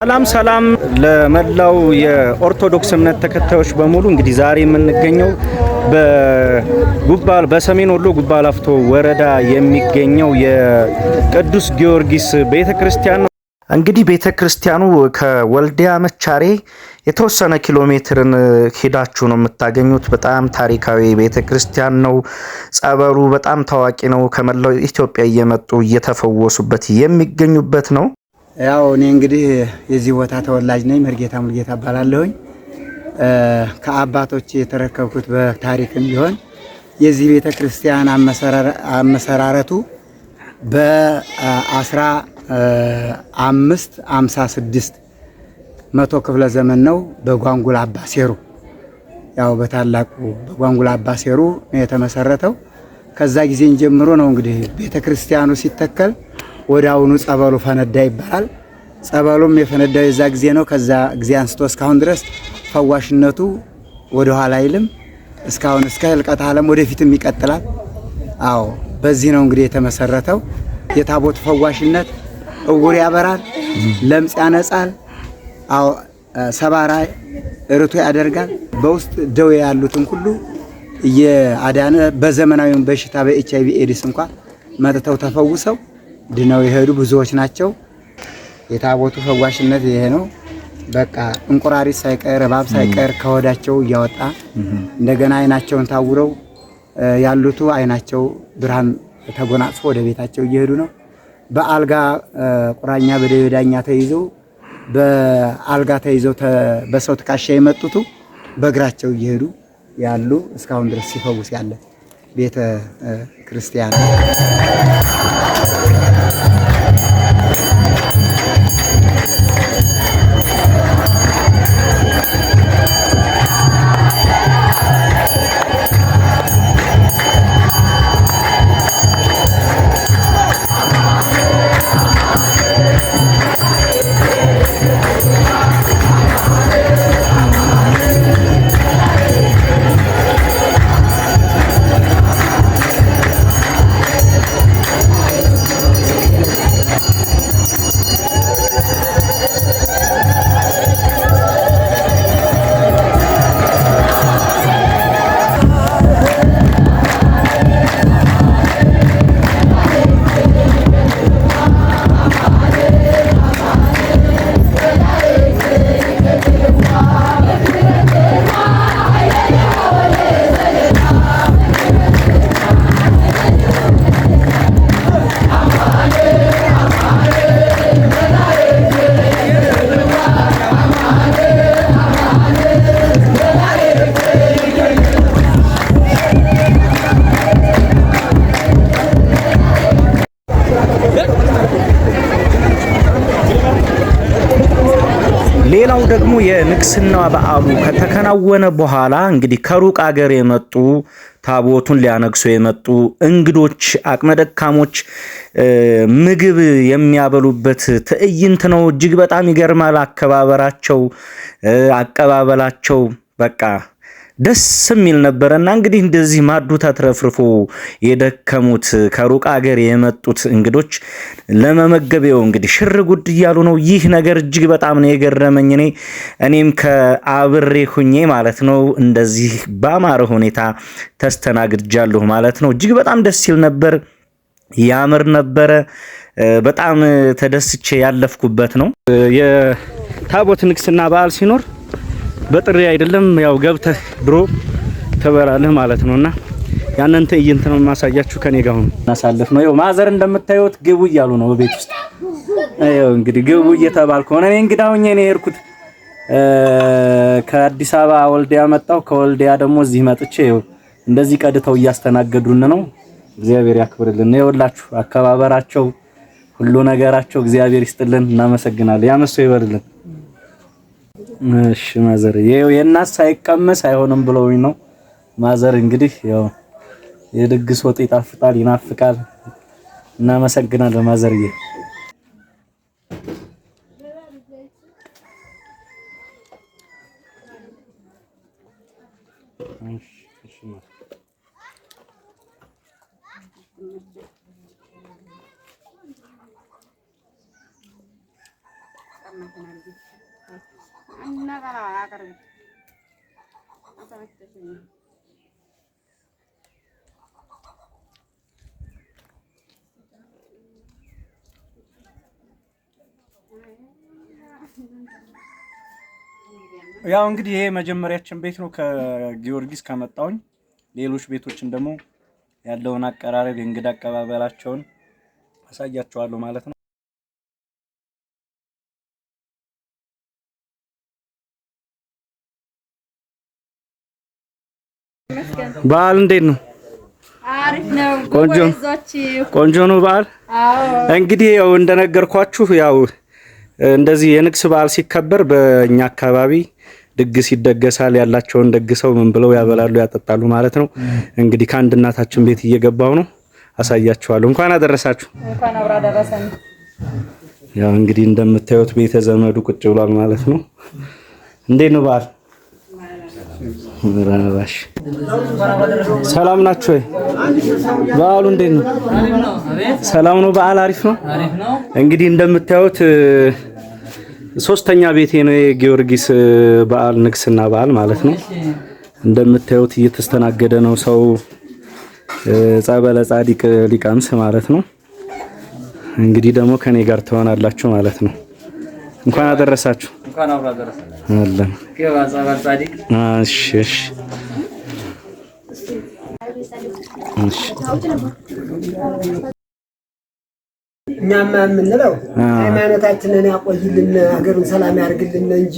ሰላም ሰላም ለመላው የኦርቶዶክስ እምነት ተከታዮች በሙሉ እንግዲህ ዛሬ የምንገኘው በጉባል በሰሜን ወሎ ጉባላፍቶ ወረዳ የሚገኘው የቅዱስ ጊዮርጊስ ቤተክርስቲያን እንግዲህ ቤተ ክርስቲያኑ ከወልዲያ መቻሬ የተወሰነ ኪሎ ሜትርን ሄዳችሁ ነው የምታገኙት። በጣም ታሪካዊ ቤተ ክርስቲያን ነው። ጸበሉ በጣም ታዋቂ ነው። ከመላው ኢትዮጵያ እየመጡ እየተፈወሱበት የሚገኙበት ነው። ያው እኔ እንግዲህ የዚህ ቦታ ተወላጅ ነኝ። መርጌታ ሙልጌታ እባላለሁኝ። ከአባቶች የተረከብኩት በታሪክም ቢሆን የዚህ ቤተ ክርስቲያን አመሰራረቱ በ አምስት አምሳ ስድስት መቶ ክፍለ ዘመን ነው። በጓንጉል አባ ሴሩ ያው በታላቁ በጓንጉል አባ ሴሩ ነው የተመሰረተው። ከዛ ጊዜን ጀምሮ ነው እንግዲህ ቤተ ክርስቲያኑ ሲተከል ወደ አሁኑ ጸበሉ ፈነዳ ይባላል። ጸበሉም የፈነዳው የዛ ጊዜ ነው። ከዛ ጊዜ አንስቶ እስካሁን ድረስ ፈዋሽነቱ ወደኋላ አይልም። እስካሁን እስከ ህልቀት ዓለም ወደፊትም ይቀጥላል። አዎ በዚህ ነው እንግዲህ የተመሰረተው የታቦት ፈዋሽነት እውር ያበራል፣ ለምጽ ያነጻል፣ ሰባራ እርቶ ያደርጋል። በውስጥ ደዌ ያሉትን ሁሉ እየአዳነ በዘመናዊም በሽታ በኤች አይቪ እንኳን እንኳ መጥተው ተፈውሰው ድነው የሄዱ ብዙዎች ናቸው። የታቦቱ ፈዋሽነት ይሄ ነው። በቃ እንቁራሪት ሳይቀር እባብ ሳይቀር ከወዳቸው እያወጣ እንደገና አይናቸውን ታውረው ያሉቱ አይናቸው ብርሃን ተጎናጽፎ ወደ ቤታቸው እየሄዱ ነው። በአልጋ ቁራኛ በደዌ ዳኛ ተይዘው በአልጋ ተይዘው በሰው ትከሻ የመጡቱ በእግራቸው እየሄዱ ያሉ እስካሁን ድረስ ሲፈውስ ያለ ቤተ ክርስቲያን የቅስና በዓሉ ከተከናወነ በኋላ እንግዲህ ከሩቅ አገር የመጡ ታቦቱን ሊያነግሶ የመጡ እንግዶች፣ አቅመ ደካሞች ምግብ የሚያበሉበት ትዕይንት ነው። እጅግ በጣም ይገርማል። አከባበራቸው፣ አቀባበላቸው በቃ ደስ የሚል እና እንግዲህ እንደዚህ ማዱ ተትረፍርፎ የደከሙት ከሩቅ አገር የመጡት እንግዶች ለመመገቢያው እንግዲህ ሽር ጉድ እያሉ ነው። ይህ ነገር እጅግ በጣም ነው የገረመኝ። እኔ እኔም ከአብሬ ሁኜ ማለት ነው እንደዚህ በአማረ ሁኔታ ተስተናግጃለሁ ማለት ነው። እጅግ በጣም ደስ ሲል ነበር፣ ያምር ነበረ። በጣም ተደስቼ ያለፍኩበት ነው። የታቦት ንግስና በዓል ሲኖር በጥሪ አይደለም ያው ገብተህ ድሮ ትበላለህ ማለት ነውና ያንን ትዕይንት ነው የማሳያችሁ። ከኔ ጋር ሆኖ እናሳልፍ ነው። ያው ማዘር እንደምታዩት ግቡ እያሉ ነው በቤት ውስጥ ያው እንግዲህ ግቡ እየተባልኩ ሆነ። እኔ እንግዳ ሆኜ ነው የሄድኩት። ከአዲስ አበባ ወልዲያ መጣሁ። ከወልዲያ ደግሞ እዚህ መጥቼ ያው እንደዚህ ቀድተው እያስተናገዱን ነው። እግዚአብሔር ያክብርልን። ይኸውላችሁ አከባበራቸው ሁሉ ነገራቸው እግዚአብሔር ይስጥልን። እናመሰግናለን። ያመሰው ይበርልን። እሺ ማዘር ይኸው የእናት ሳይቀመስ አይሆንም ብለውኝ ነው። ማዘር እንግዲህ ያው የድግስ ወጥ ይጣፍጣል፣ ይናፍቃል። እናመሰግናለን ማዘርዬ። ያው እንግዲህ ይሄ መጀመሪያችን ቤት ነው። ከጊዮርጊስ ከመጣውኝ ሌሎች ቤቶችን ደግሞ ያለውን አቀራረብ የእንግዳ አቀባበላቸውን አሳያቸዋለሁ ማለት ነው። በዓል እንዴት ነው? ቆንጆ ነው በዓል። እንግዲህ ያው እንደነገርኳችሁ ያው እንደዚህ የንግስ በዓል ሲከበር በእኛ አካባቢ ድግስ ይደገሳል። ያላቸውን ደግሰው ምን ብለው ያበላሉ ያጠጣሉ ማለት ነው። እንግዲህ ከአንድ እናታችን ቤት እየገባሁ ነው፣ አሳያችኋለሁ። እንኳን አደረሳችሁ። ያው እንግዲህ እንደምታዩት ቤተ ዘመዱ ቁጭ ብሏል ማለት ነው። እንዴት ነው በዓል ምራባሽ ሰላም ናችሁ ወይ? በዓሉ እንዴት ነው? ሰላም ነው። በዓል አሪፍ ነው። እንግዲህ እንደምታዩት ሶስተኛ ቤቴ ነው የጊዮርጊስ በዓል ንግስና በዓል ማለት ነው። እንደምታዩት እየተስተናገደ ነው ሰው ጸበለ ጻዲቅ ሊቀምስ ማለት ነው። እንግዲህ ደግሞ ከኔ ጋር ትሆናላችሁ ማለት ነው። እንኳን አደረሳችሁ። እንኳን አብሮ እኛማ የምንለው ሃይማኖታችንን ያቆይልን፣ ሀገሩን ሰላም ያርግልን እንጂ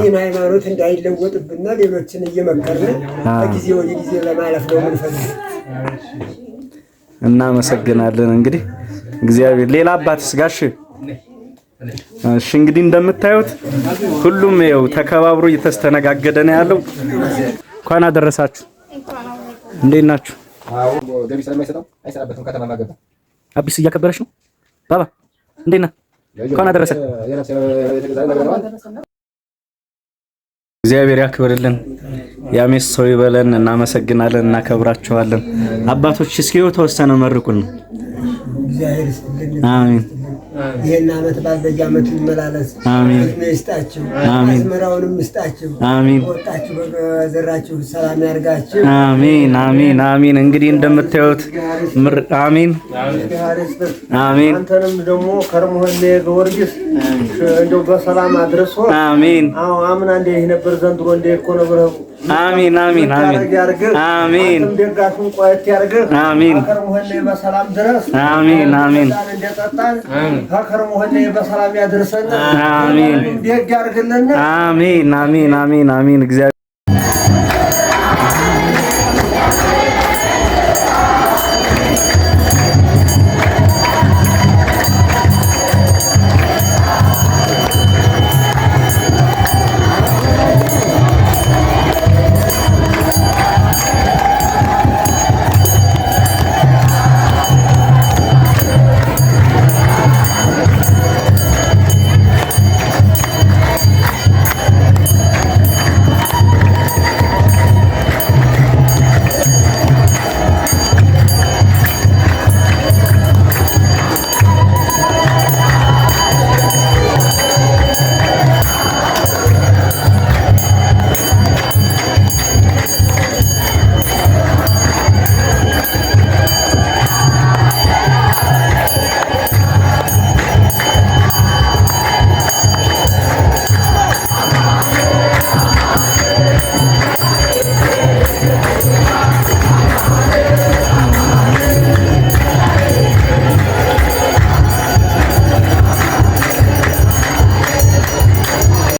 ይህን ሃይማኖት እንዳይለወጥብን ሌሎችን እየመከርን በጊዜ ወደ ጊዜ ለማለፍ ነው የምንፈልግ። እናመሰግናለን። እንግዲህ እግዚአብሔር ሌላ አባት ጋሽ እሺ እንግዲህ እንደምታዩት ሁሉም ያው ተከባብሮ እየተስተነጋገደ ነው ያለው። እንኳን አደረሳችሁ። እንዴት ናችሁ? አቢስ እያከበረች ነው። ባባ እንዴት ነህ? እንኳን አደረሰ። እግዚአብሔር ያክብርልን፣ ያሜስ ሰው ይበለን። እናመሰግናለን፣ እናከብራችኋለን። አባቶች እስኪው ተወሰነ መርቁን። አሜን ይህን ዓመት በዓል በዚህ ይመላለስ። እድሜ ይስጣችሁ፣ አዝመራውንም ይስጣችሁ። ወጣችሁ በዘራችሁ ሰላም ያርጋችሁ። አሜን፣ አሜን፣ አሜን። እንግዲህ እንደምታዩት አሜን፣ አሜን። አንተንም ደግሞ ከርሞህ ጊዮርጊስ እንደው በሰላም አድርሶ አሜን። አዎ አምና እንደ ይሄ ነበር፣ ዘንድሮ እንደ እኮ ነው ብረው። አሜን አሜን አሜን አሜን። ደጋፊውን ቆየት ያርግህ። አሜን። ከከርሞ በሰላም ድረስ። አሜን አሜን። እንደጠጣን ከከርሞ በሰላም ያድርሰን። አሜን። ደግ ያርግልን። አሜን አሜን አሜን አሜን።